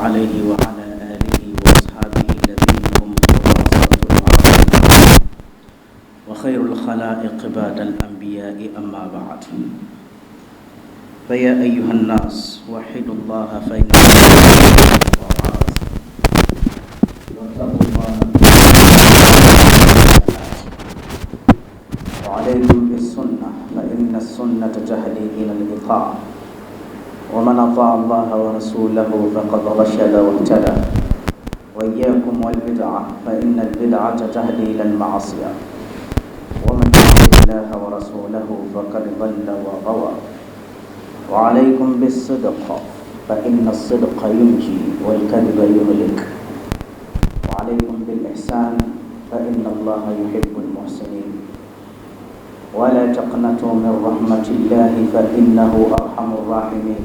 عليه وعلى آله وأصحابه الذين هم وخير الخلائق بعد الأنبياء أما بعد فيا أيها الناس وحدوا الله فإن واتقوا الله وعليكم بالسنة فإن السنة تهدي إلى الإطاعة ومن أطاع الله ورسوله فقد رشد واهتدى وإياكم والبدعة فإن البدعة تهدي إلى المعصية ومن يطع الله ورسوله فقد ضل وغوى وعليكم بالصدق فإن الصدق ينجي والكذب يهلك وعليكم بالإحسان فإن الله يحب المحسنين ولا تقنطوا من رحمة الله فإنه أرحم الراحمين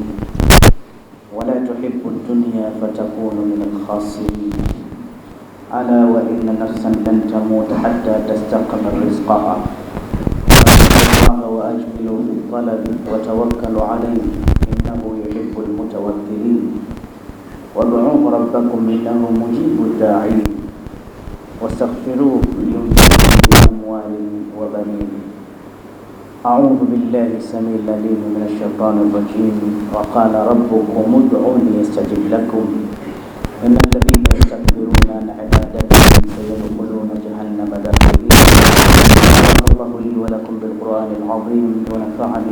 ولا تحب الدنيا فتكون من الخاسرين ألا وإن نفسا لن تموت حتى تستقم رزقها الله وأجمل في الطلب وتوكل عليه إنه يحب المتوكلين وادعوه ربكم إنه مجيب الداعين واستغفروه ليجيب بأموال وبنين أعوذ بالله السميع العليم من الشيطان الرجيم وقال ربكم ادعوني استجب لكم إن الذين يستكبرون عن عبادتي سيدخلون جهنم داخلين بارك الله لي ولكم بالقرآن العظيم ونفعني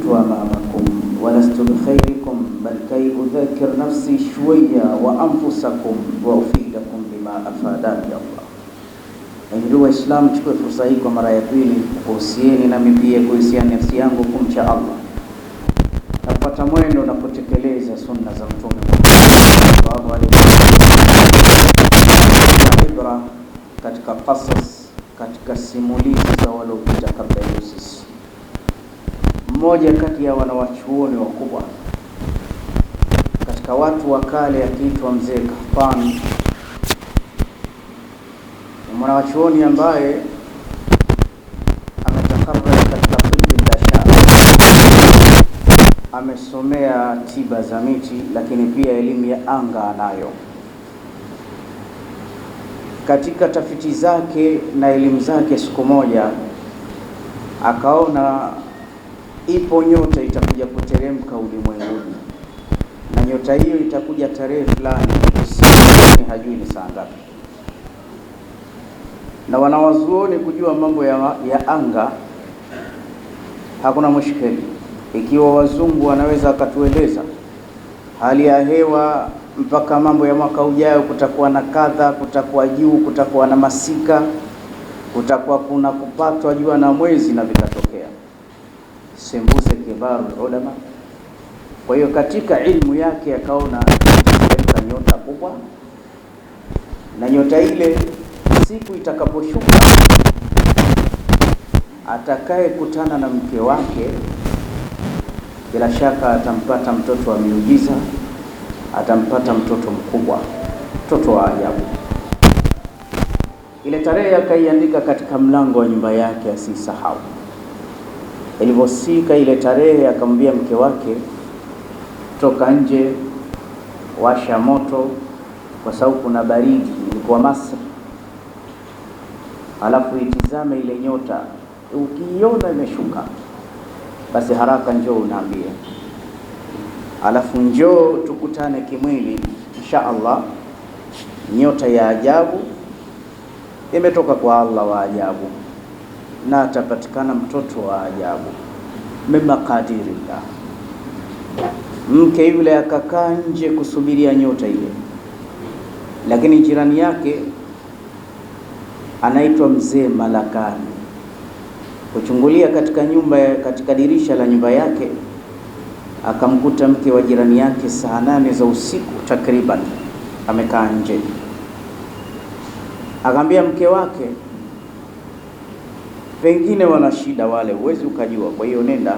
kuitwa mamakum, walastu bikhairikum bal kay udhakir nafsi shwaya wa anfusakum wa ufidakum bima afadani Allah. Ndugu Waislamu, chukue fursa hii kwa mara ya pili kuhusieni nami pia kuhusiana nafsi yangu kumcha Allah napata kupata mwendo na kutekeleza sunna za Mtume ibra katika qasas, katika simulizi za waliopita kabla yetu sisi mmoja kati ya wanawachuoni wakubwa katika watu wa kale akiitwa mzee Kahfan, mwanawachuoni ambaye ametakarrari katika tibi amesomea tiba za miti, lakini pia elimu ya anga anayo. Katika tafiti zake na elimu zake, siku moja akaona ipo nyota itakuja kuteremka ulimwenguni, na nyota hiyo itakuja tarehe fulani, usiku hajui ni saa ngapi. Na wanawazuoni kujua mambo ya, ya anga hakuna mushkeli. Ikiwa wazungu wanaweza wakatueleza hali ya hewa mpaka mambo ya mwaka ujao, kutakuwa na kadha, kutakuwa juu, kutakuwa na masika, kutakuwa kuna kupatwa jua na mwezi na vikatoka sembuse kibaru ulama. Kwa hiyo katika ilmu yake akaona ya nyota kubwa, na nyota ile siku itakaposhuka atakayekutana na mke wake bila shaka atampata mtoto wa miujiza, atampata mtoto mkubwa, mtoto wa ajabu. Ile tarehe akaiandika katika mlango wa nyumba yake, asisahau. Ilivyosika ile tarehe, akamwambia mke wake, toka nje, washa moto, kwa sababu kuna baridi. Ilikuwa Masri, alafu itizame ile nyota, ukiiona imeshuka basi haraka njoo unaambia, alafu njoo tukutane kimwili, insha Allah. Nyota ya ajabu imetoka kwa Allah wa ajabu na atapatikana mtoto wa ajabu mema qadirillah. Mke yule akakaa nje kusubiria nyota ile, lakini jirani yake anaitwa mzee Malakani kuchungulia katika nyumba katika dirisha la nyumba yake akamkuta mke wa jirani yake saa nane za usiku takriban amekaa nje, akamwambia mke wake pengine wana shida wale, huwezi ukajua. Kwa hiyo nenda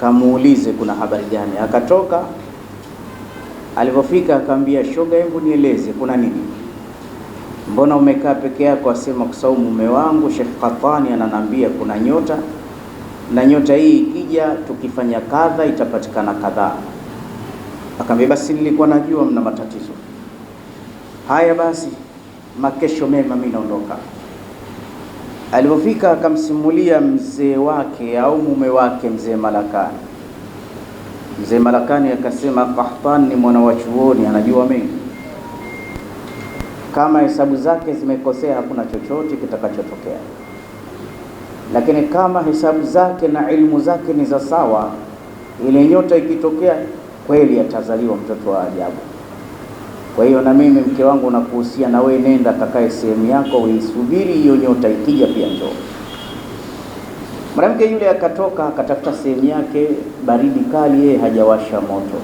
kamuulize kuna habari gani. Akatoka, alivyofika akaambia shoga, hebu nieleze kuna nini, mbona umekaa peke yako? Asema kwa sababu mume wangu Sheikh Qatani ananiambia kuna nyota na nyota hii ikija, tukifanya kadha itapatikana kadhaa. Akaambia basi, nilikuwa najua mna matatizo haya, basi makesho mema, mimi naondoka. Alipofika akamsimulia mzee wake au mume wake mzee Malakani. Mzee Malakani akasema, Kahtan ni mwana wa chuoni, anajua mengi. Kama hesabu zake zimekosea, hakuna chochote kitakachotokea, lakini kama hesabu zake na ilmu zake ni za sawa, ile nyota ikitokea kweli, atazaliwa mtoto wa ajabu. Kwa hiyo na mimi mke wangu nakuhusia, na wewe nenda takae sehemu yako uisubiri hiyo nyota, ikija pia njoo. Mwanamke yule akatoka akatafuta sehemu yake, baridi kali, yeye hajawasha moto.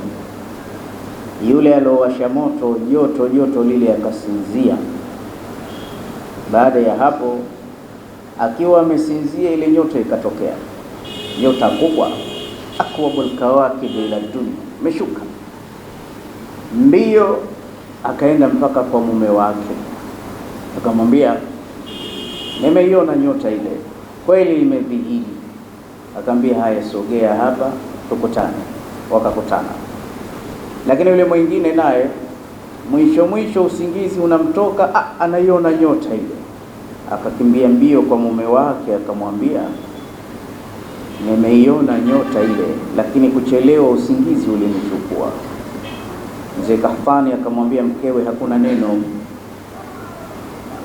Yule aliowasha moto, joto joto lile, akasinzia. Baada ya hapo, akiwa amesinzia, ile nyota ikatokea, nyota kubwa, akwabul kawakibi ila dunia, imeshuka mbio akaenda mpaka kwa mume wake akamwambia, nimeiona nyota ile kweli imedhihiri. Akamwambia, haya, sogea hapa tukutane. Wakakutana, lakini yule mwingine naye mwisho mwisho usingizi unamtoka, ah, anaiona nyota ile. Akakimbia mbio kwa mume wake akamwambia, nimeiona nyota ile, lakini kuchelewa usingizi ulinichukua Mzee Kahfani akamwambia mkewe, hakuna neno.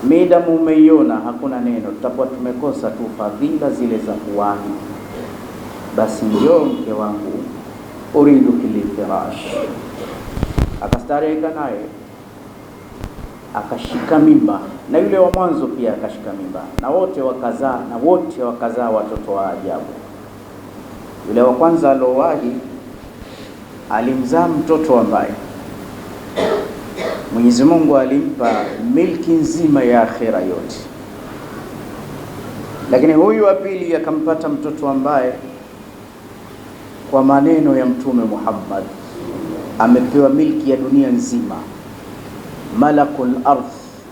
Midamu umeiona, hakuna neno, tutakuwa tumekosa tu fadhila zile za kuwahi. Basi njoo mke wangu, uridu kilifirash. akastareka naye akashika mimba, na yule wa mwanzo pia akashika mimba, na wote wakazaa, na wote wakazaa watoto wa ajabu. Yule wa kwanza alowahi alimzaa mtoto ambaye Mwenyezi Mungu alimpa milki nzima ya akhera yote, lakini huyu wa pili akampata mtoto ambaye kwa maneno ya Mtume Muhammad amepewa milki ya dunia nzima. Malakul ardh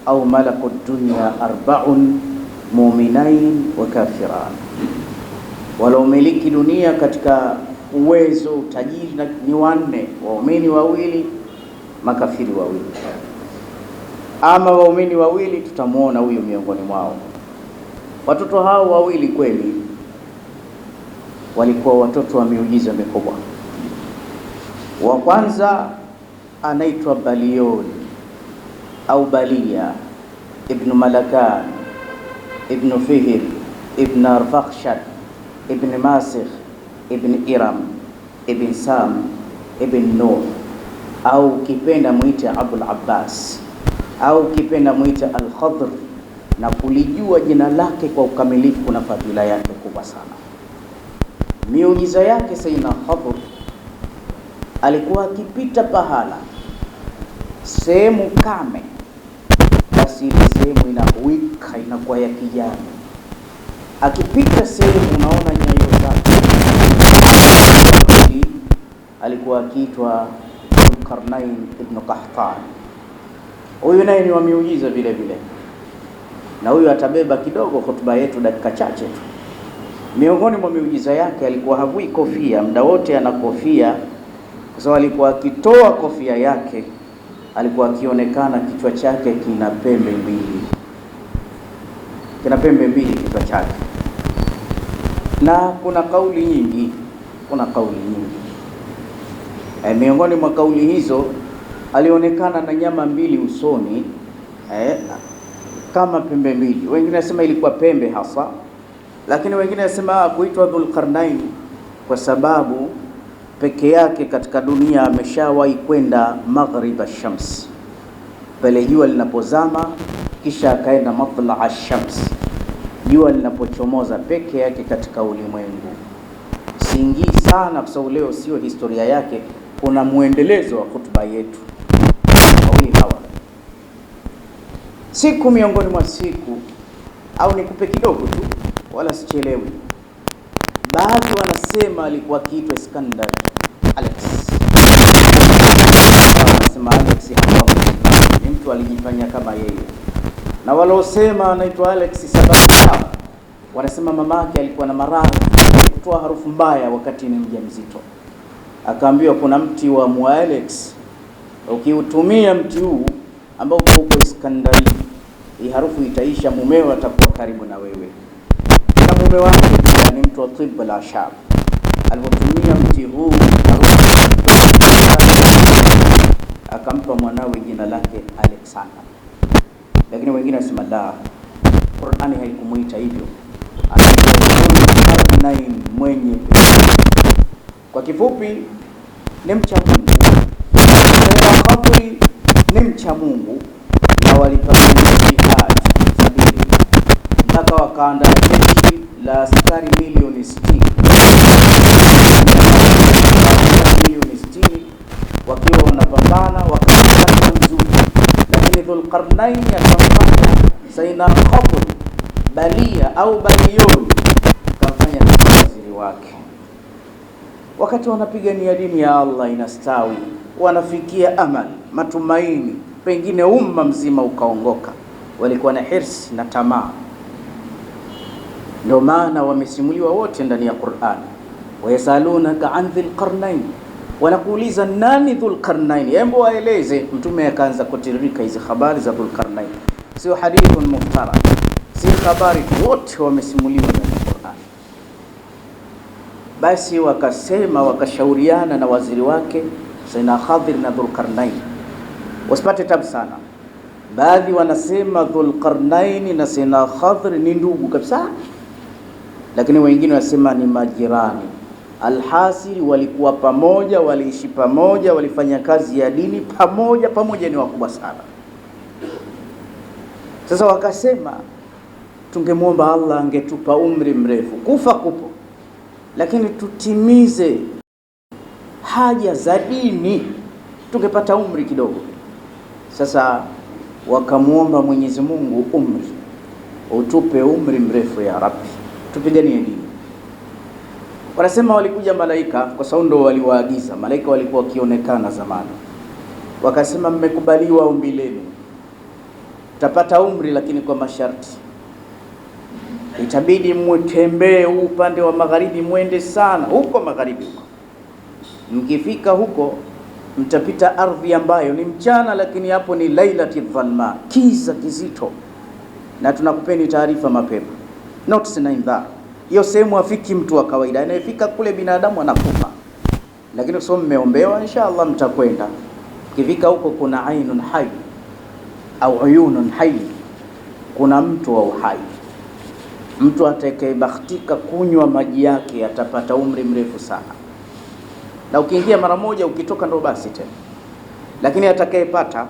au malakul dunya arbaun muminain wa kafiran, umiliki dunia katika uwezo, utajiri ni wanne, waumini wawili makafiri wawili. Ama waumini wawili tutamwona huyu miongoni mwao. Watoto hao wawili kweli walikuwa watoto wa miujiza mikubwa. Wa kwanza anaitwa Balion au Balia ibnu Malakan ibnu Fihr ibn arfakshad ibn Masikh ibn Iram ibn Sam ibn Nuh au ukipenda mwite Abul Abbas au ukipenda mwite Al-Khadr, na kulijua jina lake kwa ukamilifu na fadhila yake kubwa sana. Miujiza yake Sayyidina Khadr alikuwa akipita pahala sehemu kame, basi ile sehemu inawika inakuwa ya kijani. Akipita sehemu unaona nyayo zake. Alikuwa akiitwa Dulqarnain ibn Qahtan. Huyu naye ni wa vile vile, na huyu atabeba kidogo hotuba yetu dakika chache tu. Miongoni mwa miujiza yake alikuwa havui kofia muda wote, ana kofia kwa sababu alikuwa akitoa kofia yake alikuwa akionekana kichwa chake kina pembe mbili, kina pembe mbili kichwa chake. Na kuna kauli nyingi, kuna kauli nyingi E, miongoni mwa kauli hizo alionekana na nyama mbili usoni e, kama pembe mbili. Wengine nasema ilikuwa pembe hasa, lakini wengine nasema kuitwa Dhulqarnain kwa sababu peke yake katika dunia ameshawahi kwenda maghrib ash-shams, pale jua linapozama, kisha akaenda matla ash-shams, jua linapochomoza peke yake katika ulimwengu. Siingii sana kwa sababu leo sio historia yake kuna mwendelezo wa hotuba yetu wawili hawa. Siku miongoni mwa siku, au nikupe kidogo tu, wala sichelewi Baadhi wanasema alikuwa akiitwa Iskandar Alex, wanasema Alex ni mtu alijifanya kama yeye, na walosema anaitwa Alex sababu wanasema mamake alikuwa na maradhi kutoa harufu mbaya wakati ni mjamzito akaambiwa kuna mti wa mualex, ukiutumia mti huu ambao uko Iskandaria, hii harufu itaisha, mumeo atakuwa karibu na wewe. Na mume wake pia ni mtu wa tiba la shab, alipotumia mti huu akampa mwanawe jina lake Alexander, lakini wengine wasema la, Qur'ani haikumuita hivyo, anaitwa Dhulqarnain mwenye kwa kifupi ni mcha Mungu, khafwi ni mcha Mungu na walipambana jihadi sabili mpaka wakaanda jeshi la askari milioni sitini milioni sitini wakiwa wanapambana wakapata mzuri, lakini Dhulqarnain akamfanya Sayyidina Khidr balia au balioni akamfanya waziri wake wakati wanapigania dini ya Allah inastawi, wanafikia amali, matumaini, pengine umma mzima ukaongoka. Walikuwa na hirsi na tamaa, ndio maana wamesimuliwa wote ndani ya Qur'an. Wayasalunaka an dhil qarnain, wanakuuliza nani dhul qarnain, hebu waeleze. Mtume akaanza kutiririka hizi habari za dhul qarnain, sio hadithun muftara, si habari, wote wamesimuliwa. Basi wakasema wakashauriana na waziri wake Saina Khadir na Dhulqarnain, wasipate tabu sana. Baadhi wanasema Dhulqarnain na Saina Khadir ni ndugu kabisa, lakini wengine wanasema ni majirani. Alhasiri, walikuwa pamoja, waliishi pamoja, walifanya kazi ya dini pamoja pamoja, ni wakubwa sana. Sasa wakasema tungemwomba Allah angetupa umri mrefu, kufa kupo lakini tutimize haja za dini, tungepata umri kidogo. Sasa wakamwomba Mwenyezi Mungu umri, utupe umri mrefu ya Rabbi, tupiganie dini. Wanasema walikuja malaika, kwa sababu ndio waliwaagiza malaika, walikuwa wakionekana zamani, wakasema mmekubaliwa ombi lenu, tapata umri lakini kwa masharti itabidi mtembee huu upande wa magharibi, mwende sana huko magharibi huko. Mkifika huko mtapita ardhi ambayo ni mchana, lakini hapo ni lailati dhalma, kiza kizito. Na tunakupeni taarifa mapema, not sinaindhar. Hiyo sehemu afiki mtu wa kawaida, anayefika kule binadamu anakufa, lakini sio, mmeombewa, inshallah mtakwenda. Mkifika huko kuna ainun hai au uyunun hai, kuna mtu wa uhai Mtu atakayebahatika kunywa maji yake atapata umri mrefu sana, na ukiingia mara moja, ukitoka ndo basi tena. Lakini atakayepata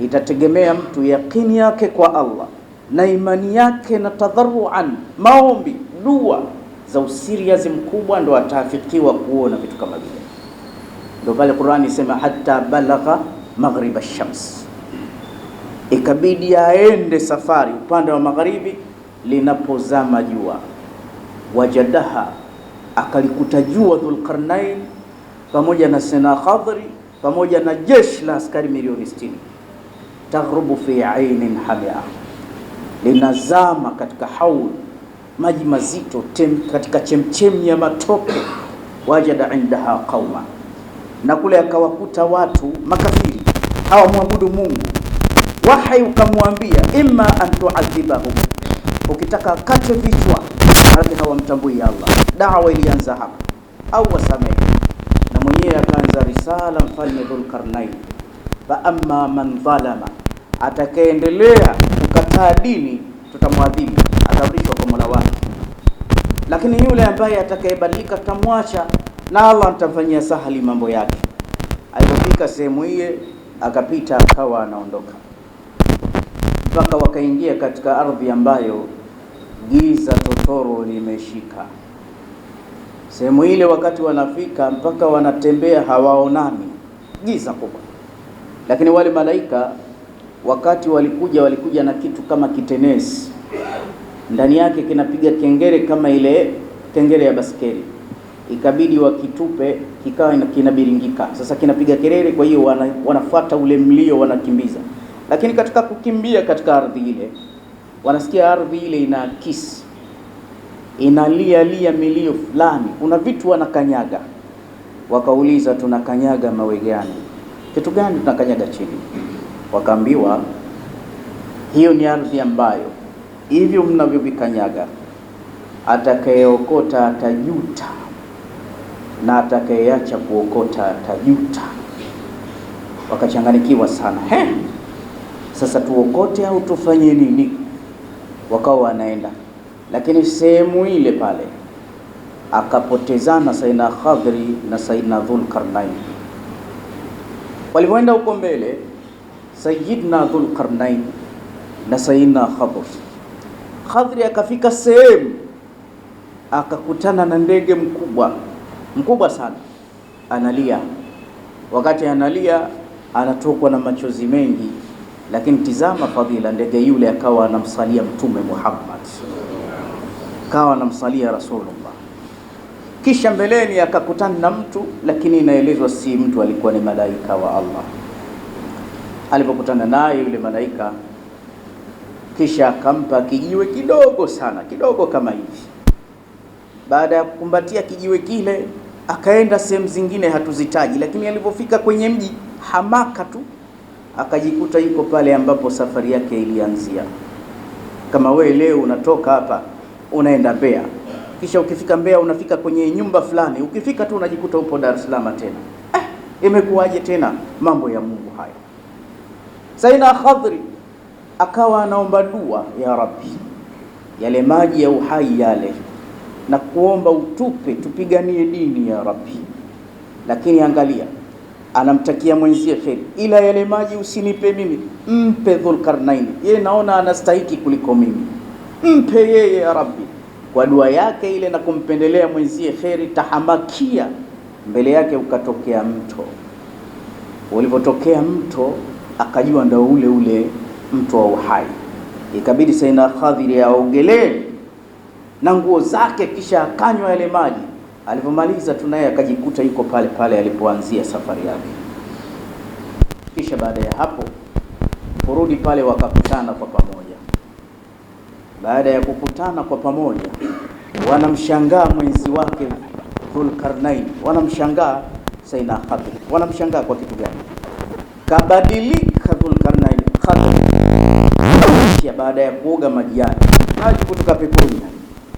itategemea mtu yakini yake kwa Allah na imani yake na tadharuan, maombi, dua za usiriazi mkubwa, ndo ataafikiwa kuona vitu kama vile. Ndo pale Qur'ani isema hatta balagha maghriba shams, ikabidi aende safari upande wa magharibi linapozama jua, wajadaha, akalikuta jua Dhulqarnain pamoja na Senakhadri pamoja na jeshi la askari milioni 60 taghrubu fi ainin hamia, linazama katika haul maji mazito tem, katika chemchem ya matope. Wajada indaha qauma, na kule akawakuta watu makafiri hawamwabudu Mungu. Wahai ukamwambia imma an tuadhibahum Ukitaka kate vichwa, maanake hawamtambui Allah. Dawa ilianza hapa au wasamehe, na mwenyewe akaanza risala mfalme Dhulkarnain, fa amma man dhalama, atakayeendelea kukataa dini tutamwadhibu, atarudishwa kwa Mola wake, lakini yule ambaye atakayebadilika tutamwacha na Allah nitamfanyia sahali mambo yake. Alipofika sehemu hiye akapita akawa anaondoka mpaka wakaingia katika ardhi ambayo giza totoro limeshika. Sehemu ile wakati wanafika, mpaka wanatembea hawaonani, giza kubwa. Lakini wale malaika wakati walikuja, walikuja na kitu kama kitenesi ndani yake, kinapiga kengere kama ile kengere ya baskeli, ikabidi wakitupe, kikawa kinabiringika. Sasa kinapiga kelele, kwa hiyo wana, wanafuata ule mlio, wanakimbiza lakini katika kukimbia katika ardhi ile, wanasikia ardhi ile inaakisi, inalia lia milio fulani, kuna vitu wanakanyaga. Wakauliza, tunakanyaga mawe gani? Kitu gani tunakanyaga chini? Wakaambiwa, hiyo ni ardhi ambayo hivyo mnavyovikanyaga, atakayeokota atajuta na atakayeacha kuokota atajuta. Wakachanganikiwa sana He? sasa tuokote au tufanye nini? Wakawa wanaenda, lakini sehemu ile pale akapotezana Saidna Khadri na Saidna Dhulqarnain. Walipoenda huko mbele, dhul Dhulqarnain na Saina Khadri, Khadri akafika sehemu akakutana na ndege mkubwa mkubwa sana, analia. Wakati analia anatokwa na machozi mengi lakini tizama fadhila, ndege yule akawa anamsalia Mtume Muhammad, akawa anamsalia Rasulullah. Kisha mbeleni akakutana na mtu, lakini inaelezwa si mtu, alikuwa ni malaika wa Allah. Alipokutana naye yule malaika, kisha akampa kijiwe kidogo sana, kidogo kama hivi. Baada ya kukumbatia kijiwe kile, akaenda sehemu zingine hatuzitaji, lakini alipofika kwenye mji hamaka tu akajikuta yuko pale ambapo safari yake ilianzia. Kama we leo unatoka hapa unaenda Mbeya, kisha ukifika Mbeya unafika kwenye nyumba fulani, ukifika tu unajikuta upo Dar es Salaam tena. Eh, imekuwaje tena? Mambo ya Mungu hayo Saina Khadri akawa anaomba dua, ya Rabbi, yale maji ya uhai yale na kuomba utupe, tupiganie dini ya Rabbi. Lakini angalia anamtakia mwenzie kheri, ila yale maji usinipe mimi, mpe Dhulkarnaini, yeye naona anastahiki kuliko mimi, mpe yeye ya Rabbi. Kwa dua yake ile na kumpendelea mwenzie kheri, tahamakia mbele yake ukatokea mto. Ulipotokea mto, akajua ndio ule ule mto wa uhai, ikabidi Saina Khadhiri aogelee na nguo zake, kisha akanywa yale maji Alipomaliza tu naye akajikuta yuko pale pale alipoanzia safari yake. Kisha baada ya hapo kurudi pale, wakakutana kwa pamoja. Baada ya kukutana kwa pamoja, wanamshangaa mwenzi wake Dhulkarnain, wanamshangaa saina Khadir, wanamshangaa kwa kitu gani? Kabadilika Dhulkarnain Khadir baada ya kuoga maji yake, maji kutoka peponi,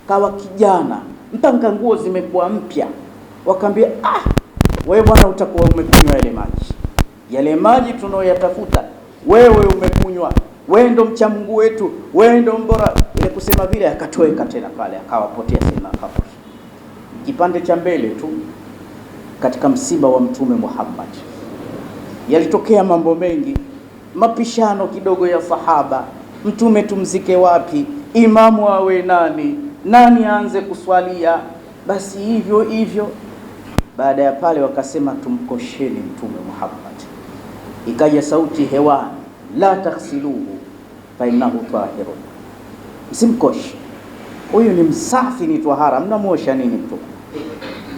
kawa kijana mpanga nguo zimekuwa mpya, wakaambia ah, wewe bwana utakuwa umekunywa yale maji, yale maji tunaoyatafuta wewe umekunywa, wewe ndo mcha Mungu wetu, wewe ndo mbora. Ile kusema vile, akatoweka tena pale, akawapotea tena, hapo, kipande cha mbele tu. Katika msiba wa Mtume Muhammad yalitokea mambo mengi, mapishano kidogo ya sahaba, mtume tumzike wapi, imamu awe nani nani aanze kuswalia? Basi hivyo hivyo. Baada ya pale, wakasema tumkosheni Mtume Muhammad. Ikaja sauti hewani, la taghsiluhu fa innahu tahirun, msimkoshe huyu ni msafi, ni twahara, mnamwosha nini mtu?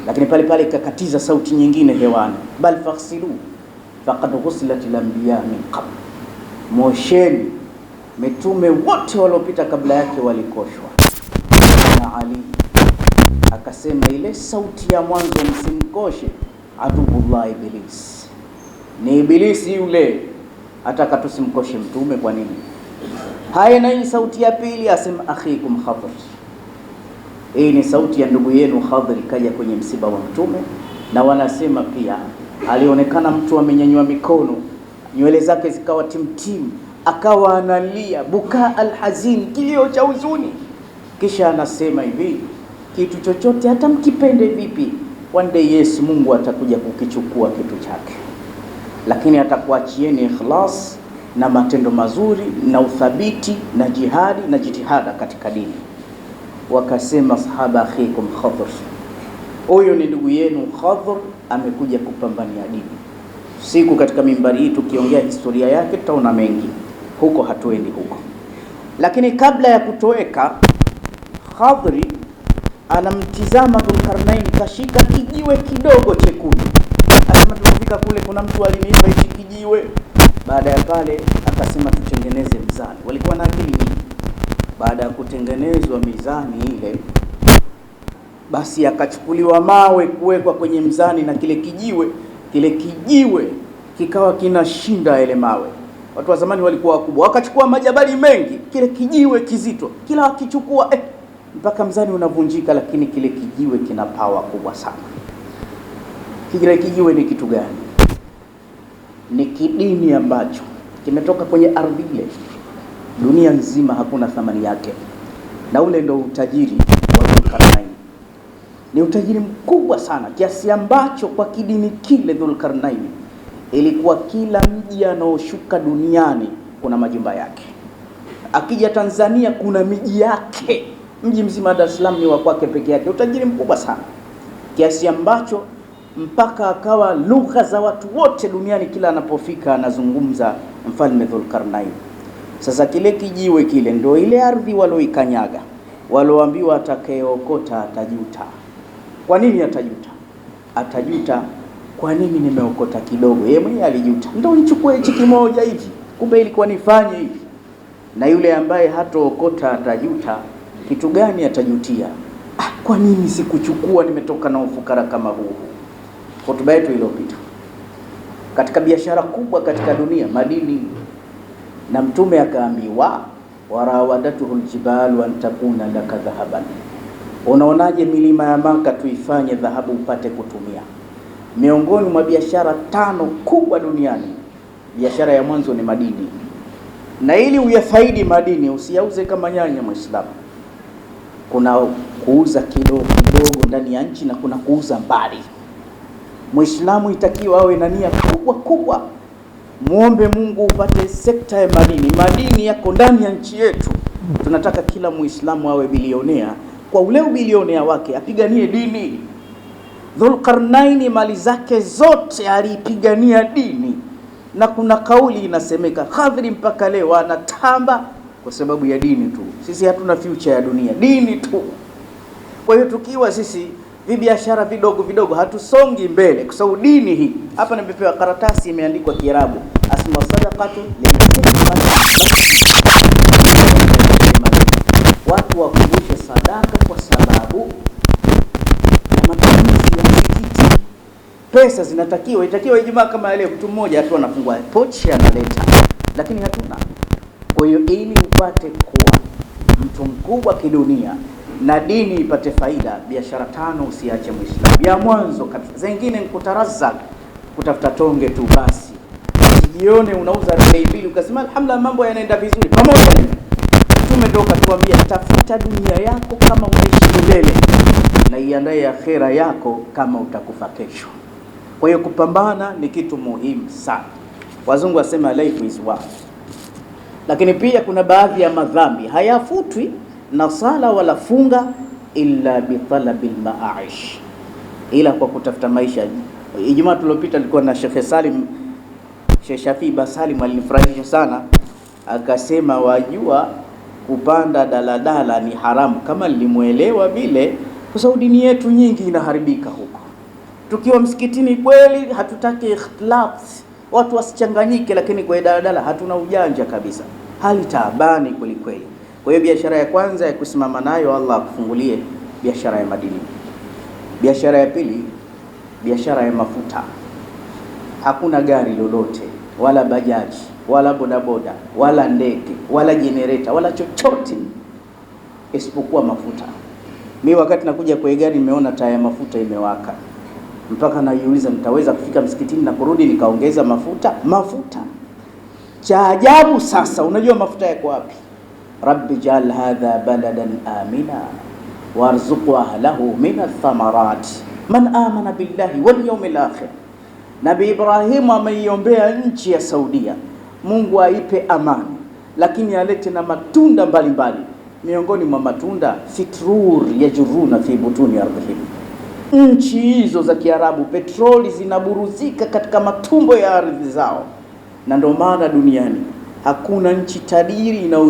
Lakini pale pale ikakatiza sauti nyingine hewani, bal faghsiluhu faqad ghusilat al-anbiya min qabl, mosheni mitume wote waliopita kabla yake walikoshwa na Ali akasema, ile sauti ya mwanzo msimkoshe, adubullah Iblis, ni iblisi yule, ataka tusimkoshe Mtume. Kwa nini? Haya, na hii sauti ya pili asema, akhikum Khadr, hii ni sauti ya ndugu yenu Khadr, kaja kwenye msiba wa Mtume. Na wanasema pia alionekana mtu amenyanyua mikono, nywele zake zikawa timtim, akawa analia buka alhazin, kilio cha huzuni kisha anasema hivi, kitu chochote hata mkipende vipi, one day yes, Mungu atakuja kukichukua kitu chake, lakini atakuachieni ikhlas na matendo mazuri na uthabiti na jihadi na jitihada katika dini. Wakasema sahaba, akhikum Khadhr, huyo ni ndugu yenu Khadhr, amekuja kupambania dini. Siku katika mimbari hii tukiongea historia yake tutaona mengi, huko hatuendi huko, lakini kabla ya kutoweka Khadri anamtizama Dhulkarnain, kashika kijiwe kidogo chekundu, asema tulipofika kule kuna mtu alinipa hichi kijiwe. Baada ya pale akasema tutengeneze mzani. Walikuwa na akili hii Baada ya kutengenezwa mizani ile, basi akachukuliwa mawe kuwekwa kwenye mzani na kile kijiwe, kile kijiwe kikawa kinashinda yale mawe. Watu wa zamani walikuwa wakubwa, wakachukua majabali mengi, kile kijiwe kizito, kila wakichukua eh, mpaka mzani unavunjika, lakini kile kijiwe kina power kubwa sana. Kile kijiwe ni kitu gani? Ni kidini ambacho kimetoka kwenye ardhi ile, dunia nzima hakuna thamani yake, na ule ndo utajiri wa Dhulkarnain. Ni utajiri mkubwa sana kiasi ambacho kwa kidini kile Dhulkarnain ilikuwa kila mji anaoshuka duniani kuna majumba yake, akija Tanzania kuna miji yake Mji mzima wa Dar es Salaam ni wa kwake peke yake, utajiri mkubwa sana kiasi ambacho mpaka akawa lugha za watu wote duniani, kila anapofika anazungumza mfalme Dhulkarnain. Sasa kile kijiwe kile ndio ile ardhi waloikanyaga, waloambiwa atakayeokota atajuta. Kwa nini atajuta? Atajuta kwa nini nimeokota kidogo. Yeye mwenyewe alijuta, ndio nichukue hichi kimoja hivi, kumbe ilikuwa nifanye hivi. Na yule ambaye hataokota atajuta kitu gani atajutia? Ah, kwa nini sikuchukua? Nimetoka na ufukara kama huu. Hotuba yetu iliyopita katika biashara kubwa katika dunia madini, na Mtume akaambiwa warawadatuhu ljibalu antakuna laka dhahaban. Unaonaje milima ya Maka tuifanye dhahabu upate kutumia? Miongoni mwa biashara tano kubwa duniani, biashara ya mwanzo ni madini, na ili uyafaidi madini usiyauze kama nyanya, Mwislamu kuna kuuza kidogo kidogo ndani ya nchi na kuna kuuza mbali. Mwislamu itakiwa awe na nia kubwa kubwa, muombe Mungu upate sekta ya madini. Madini yako ndani ya nchi yetu, tunataka kila Muislamu awe bilionea. Kwa ule ubilionea wake apiganie dini. Dhulqarnaini mali zake zote aliipigania dini, na kuna kauli inasemeka Khadhiri mpaka leo anatamba kwa sababu ya dini tu. Sisi hatuna future ya dunia, dini tu. Kwa hiyo tukiwa sisi vibiashara vidogo vidogo hatusongi mbele, kwa sababu dini hii. Hapa nimepewa karatasi imeandikwa Kiarabu, asma sadaqatu watu wakumbushe sadaka kwa sababu na matumizi ya msikiti. Pesa zinatakiwa, itakiwa Ijumaa kama leo, mtu mmoja tu anafungua pochi analeta, lakini hatuna kwa hiyo ili upate kuwa mtu mkubwa kidunia na dini ipate faida, biashara tano usiache Muislamu. Ya mwanzo kabisa, zengine ni kutafuta tonge tu basi. Usijione unauza bei mbili ukasema alhamdulillah, mambo yanaenda vizuri. Pamoja na Mtume ndio katuambia, tafuta dunia yako kama unaishi milele na iandae akhera yako kama utakufa kesho. Kwa hiyo kupambana ni kitu muhimu sana. Wazungu wasema life is worth lakini pia kuna baadhi ya madhambi hayafutwi na sala wala funga illa bitalabil maaish, ila kwa kutafuta maisha. Ijumaa tuliopita alikuwa na Sheikh Salim, Sheikh Shafii Basalim alinifurahisha sana, akasema wajua kupanda daladala ni haramu. Kama nilimwelewa vile, kwa sababu dini yetu nyingi inaharibika huko. Tukiwa msikitini kweli hatutaki ikhtilaf watu wasichanganyike, lakini kwa daladala hatuna ujanja kabisa, hali taabani kweli kweli. Kwa hiyo biashara ya kwanza ya kusimama nayo, Allah akufungulie biashara ya madini. Biashara ya pili, biashara ya mafuta. Hakuna gari lolote wala bajaji wala bodaboda wala ndege wala jenereta wala chochote isipokuwa mafuta. Mi wakati nakuja kwa gari nimeona taa ya mafuta imewaka mpaka naiuliza nitaweza kufika msikitini na kurudi nikaongeza mafuta mafuta. Cha ajabu sasa, unajua mafuta yako wapi? Rabbi jal hadha baladan amina warzuqu ahlahu min athamarat man amana billahi wal yawmil akhir. Nabi Ibrahimu ameiombea nchi ya Saudia, Mungu aipe amani, lakini alete na matunda mbalimbali. Miongoni mwa matunda fitrur yajuruna fi butuni ardhihim nchi hizo za Kiarabu, petroli zinaburuzika katika matumbo ya ardhi zao, na ndio maana duniani hakuna nchi tajiri inayo